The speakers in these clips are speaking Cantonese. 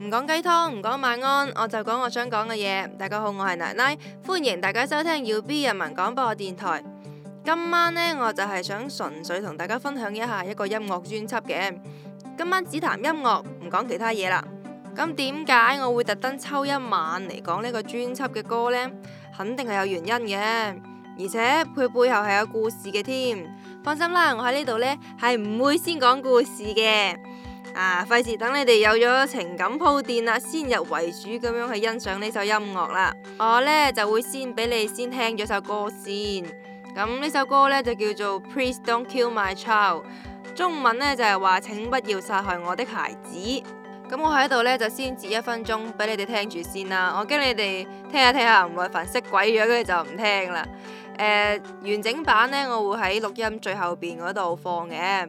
唔講雞湯，唔講晚安，我就講我想講嘅嘢。大家好，我係奶奶，歡迎大家收聽 YB 人民廣播電台。今晚呢，我就係想純粹同大家分享一下一個音樂專輯嘅。今晚只談音樂，唔講其他嘢啦。咁點解我會特登抽一晚嚟講呢個專輯嘅歌呢？肯定係有原因嘅，而且佢背後係有故事嘅添。放心啦，我喺呢度呢係唔會先講故事嘅。啊，費事等你哋有咗情感鋪墊啦，先入為主咁樣去欣賞呢首音樂啦。我呢就會先俾你先聽咗首歌先。咁呢首歌呢就叫做 Please Don't Kill My Child，中文呢就係話請不要殺害我的孩子。咁我喺度呢就先截一分鐘俾你哋聽住先啦。我驚你哋聽下聽下唔耐煩，識鬼咗，跟住就唔聽啦。呃，完整版呢，我會喺錄音最後邊嗰度放嘅。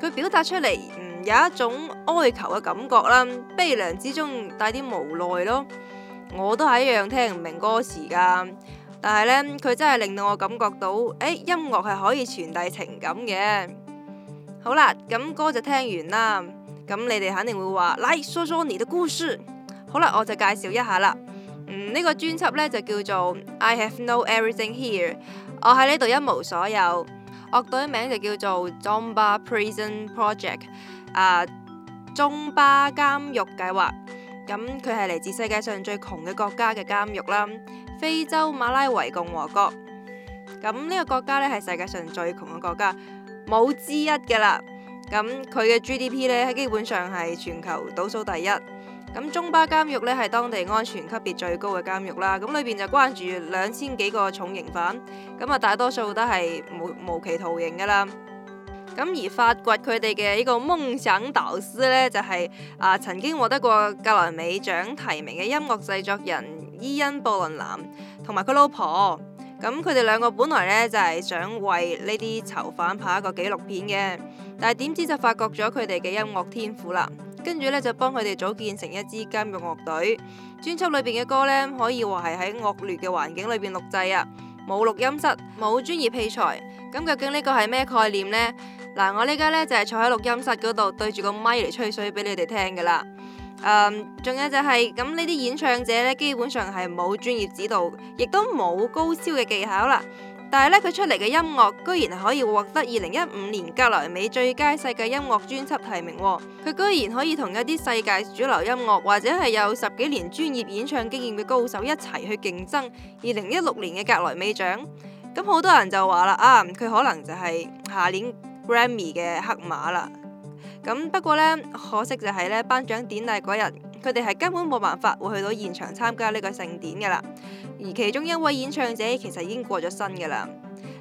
佢表達出嚟，嗯，有一種哀求嘅感覺啦，悲涼之中帶啲無奈咯。我都係一樣聽唔明歌詞噶，但係咧，佢真係令到我感覺到，誒，音樂係可以傳遞情感嘅。好啦，咁歌就聽完啦，咁你哋肯定會話 Like Sajoni 的故事。好啦，我就介紹一下啦。嗯，呢個專輯咧就叫做 I Have No Everything Here，我喺呢度一無所有。樂隊名就叫做 Zomba Prison Project 啊，中巴監獄計劃。咁佢係嚟自世界上最窮嘅國家嘅監獄啦，非洲馬拉維共和國。咁呢個國家咧係世界上最窮嘅國家，冇之一嘅啦。咁佢嘅 GDP 咧基本上係全球倒數第一。咁中巴監獄咧係當地安全級別最高嘅監獄啦，咁裏邊就關住兩千幾個重刑犯，咁啊大多數都係無無期徒刑噶啦。咁而發掘佢哋嘅呢個夢想導師呢，就係啊曾經獲得過格萊美獎提名嘅音樂製作人伊恩布倫南同埋佢老婆。咁佢哋兩個本來呢，就係想為呢啲囚犯拍一個紀錄片嘅，但係點知就發掘咗佢哋嘅音樂天賦啦。跟住呢，就幫佢哋組建成一支監獄樂隊。專輯裏邊嘅歌呢，可以話係喺惡劣嘅環境裏邊錄製啊，冇錄音室，冇專業器材。咁究竟呢個係咩概念呢？嗱，我呢家呢，就係坐喺錄音室嗰度，對住個咪嚟吹水俾你哋聽噶啦。誒，仲有就係咁，呢啲演唱者呢，基本上係冇專業指導，亦都冇高超嘅技巧啦。但係咧，佢出嚟嘅音樂居然係可以獲得二零一五年格萊美最佳世界音樂專輯提名，佢居然可以同一啲世界主流音樂或者係有十幾年專業演唱經驗嘅高手一齊去競爭二零一六年嘅格萊美獎。咁好多人就話啦，啊，佢可能就係下年 Grammy 嘅黑馬啦。咁不過呢，可惜就係呢，頒獎典禮嗰日，佢哋係根本冇辦法會去到現場參加呢個盛典噶啦。而其中一位演唱者其實已經過咗身嘅啦。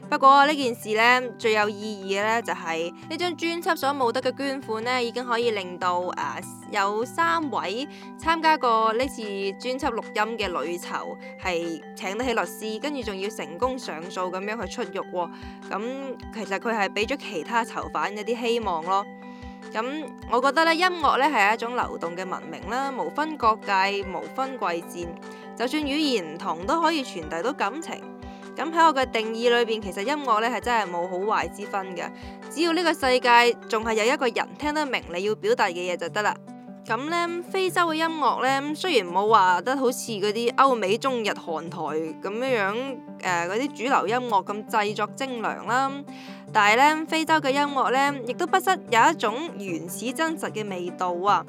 不過呢件事咧最有意義呢，就係，就係呢張專輯所募得嘅捐款呢，已經可以令到啊有三位參加過呢次專輯錄音嘅女囚係請得起律師，跟住仲要成功上訴咁樣去出獄，哦。咁其實佢係俾咗其他囚犯一啲希望咯。咁我覺得咧，音樂咧係一種流動嘅文明啦，無分國界，無分貴賤。就算語言唔同都可以傳遞到感情。咁喺我嘅定義裏邊，其實音樂呢係真係冇好壞之分嘅。只要呢個世界仲係有一個人聽得明你要表達嘅嘢就得啦。咁呢非洲嘅音樂呢，咁雖然冇話得好似嗰啲歐美、中日、韓台咁樣樣誒嗰啲主流音樂咁製作精良啦，但係呢非洲嘅音樂呢，亦都不失有一種原始真實嘅味道啊！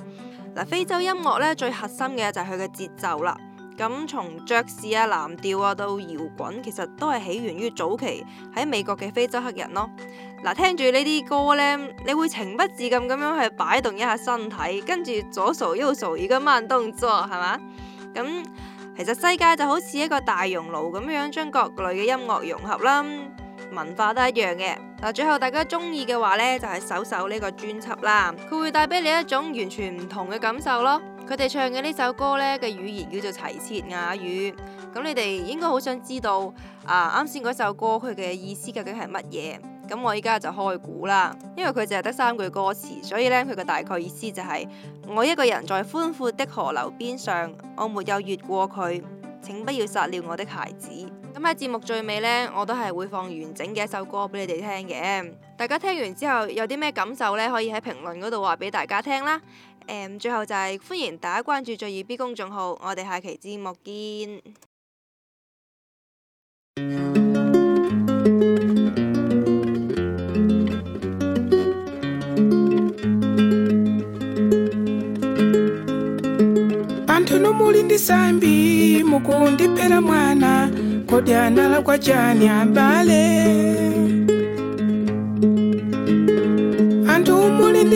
嗱，非洲音樂呢，最核心嘅就係佢嘅節奏啦。咁從爵士啊、藍調啊到搖滾，其實都係起源於早期喺美國嘅非洲黑人咯。嗱，聽住呢啲歌呢，你會情不自禁咁樣去擺動一下身體，跟住左搖右搖而家慢動作係嘛？咁其實世界就好似一個大熔爐咁樣，將各類嘅音樂融合啦，文化都一樣嘅。嗱，最後大家中意嘅話呢，就係搜搜呢個專輯啦，佢會帶俾你一種完全唔同嘅感受咯。佢哋唱嘅呢首歌呢，嘅語言叫做齊切雅語，咁你哋應該好想知道啊！啱先嗰首歌佢嘅意思究竟係乜嘢？咁我依家就開估啦，因為佢淨係得三句歌詞，所以呢，佢嘅大概意思就係、是、我一個人在寬闊的河流邊上，我沒有越過佢。請不要殺了我的孩子。咁喺節目最尾呢，我都係會放完整嘅一首歌俾你哋聽嘅。大家聽完之後有啲咩感受呢？可以喺評論嗰度話俾大家聽啦。最後就係、是、歡迎大家關注最耀 B 公眾號，我哋下期節目見。